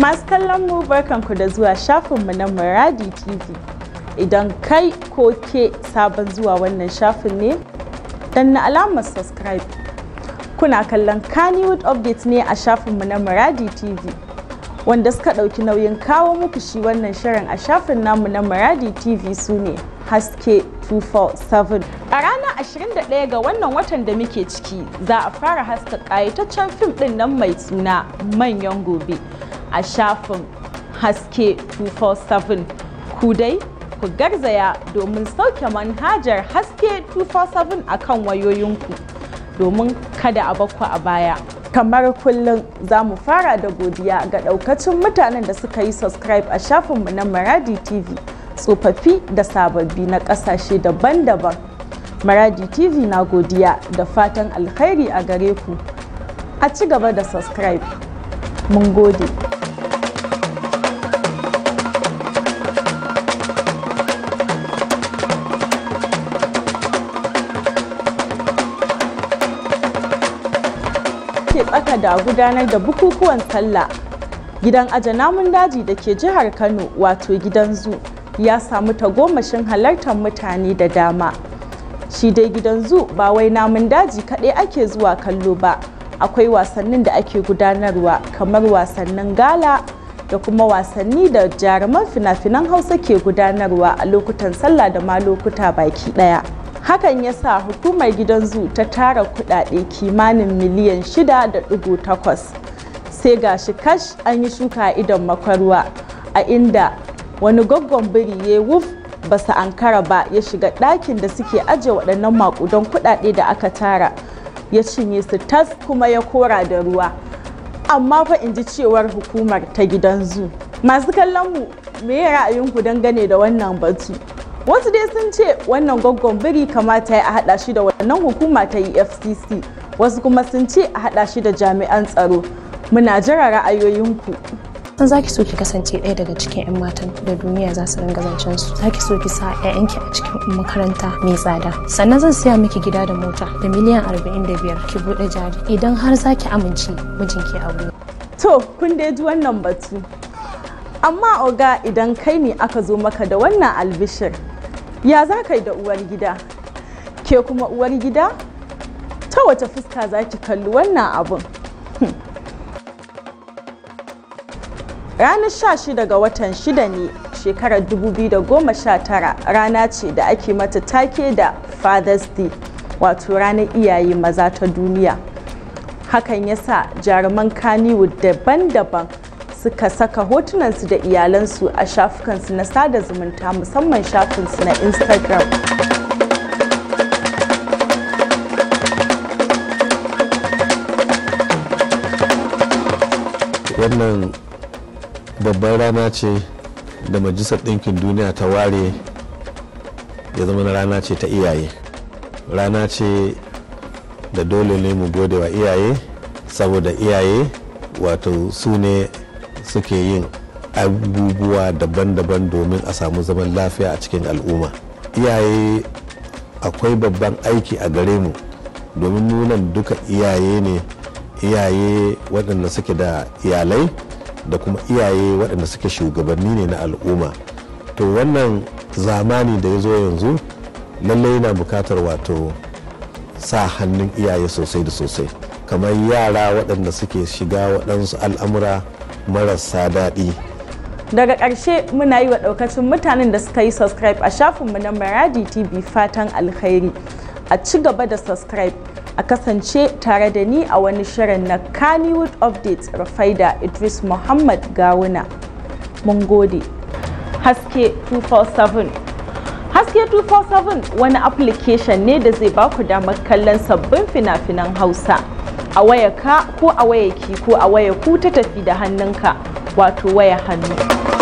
Masu kallon mu barkanku da zuwa shafinmu na maradi TV. Idan kai ko ke sabon zuwa wannan shafin ne, dan na alamar subscribe. Kuna kallon Kannywood Update ne a shafinmu na maradi TV. Wanda suka ɗauki nauyin kawo muku shi wannan shirin a shafin namu na maradi TV su ne Haske 247. A ranar 21 ga wannan watan da muke ciki za a fara haska kayataccen fim ɗin nan mai suna manyan gobe. a shafin haske 247 ku dai ku garzaya domin sauke manhajar haske 247 a kan wayoyinku domin kada a bakwa a baya kamar kullum za mu fara da godiya ga daukacin mutanen da suka yi subscribe a shafinmu na maradi tv tsofaffi da sababbi na kasashe daban-daban maradi tv na godiya da fatan alkhairi a gare ku a ci gaba da subscribe mun gode tsaka da gudanar da bukukuwan sallah gidan aje namun daji da ke jihar kano wato gidan zu ya samu tagomashin halartar mutane da dama shi dai gidan zu ba wai namun daji kaɗai ake zuwa kallo ba akwai wasannin da ake gudanarwa kamar wasannin gala da kuma wasanni da jaruman fina-finan hausa ke gudanarwa a lokutan sallah da ma lokuta baki ɗaya. hakan ya sa hukumar gidan zu ta tara kudade kimanin miliyan 6.8 sai ga shi kash an yi shuka idon makwarwa a inda wani gwaggon biri ya wuf ba su ankara ba ya shiga ɗakin da suke ajiye waɗannan makudan kudade da aka tara ya cinye su tas kuma ya kora da ruwa amma fa in ji cewar hukumar ta gidan zu masu kallon mu me ra'ayinku dangane da wannan batu wasu dai sun ce wannan gwaggon biri kamata ya haɗa shi da wannan hukuma ta efcc wasu kuma sun ce a haɗa shi da jami'an tsaro muna jira ra'ayoyinku san za so ki kasance ɗaya daga cikin 'yan matan da duniya za su ringa zancen su za ki so ki sa 'ya'yanki a cikin makaranta mai tsada sannan zan siya miki gida da mota da miliyan 45 ki buɗe jari idan har za ki amince mijinki a wuri to kun dai ji wannan batu amma oga idan kai ne aka zo maka da wannan albishir ya za ka yi da uwar gida ke kuma uwar gida ta wace fuska za ki kalli wannan abin hmm. ranar 16 ga watan 6 ne shekarar 2019 rana ce da ake mata take da father's day wato ranar iyaye maza ta duniya hakan ya sa jaruman kaniwood daban-daban suka saka hotunansu da iyalansu a shafukansu na sada zumunta musamman shafinsu na instagram wannan babbar rana ce da majalisar ɗinkin duniya ta ware ya zama rana ce ta iyaye rana ce da dole ne mu gode wa iyaye saboda iyaye wato su ne suke yin abubuwa daban-daban domin a samu zaman lafiya a cikin al'umma iyaye akwai babban aiki a gare mu domin nunan duka iyaye ne iyaye waɗanda suke da iyalai da kuma iyaye waɗanda suke shugabanni ne na al'umma to wannan zamani da ya zo yanzu lallai na bukatar wato sa hannun iyaye sosai da sosai kamar yara waɗanda suke shiga waɗansu al'amura marasa daɗi daga ƙarshe muna yi wa ɗaukacin mutanen da suka yi subscribe a shafinmu na maradi tv fatan alkhairi a ci gaba da subscribe a kasance tare da ni a wani shirin na Kannywood Updates Rufaida Idris Muhammad Gawuna. Mun gode. Haske 247 Haske 247 wani application ne da zai baku damar kallon sabbin fina-finan Hausa. a waya ka ko a waya ki ko a waya ku ta tafi da hannunka wato waya hannu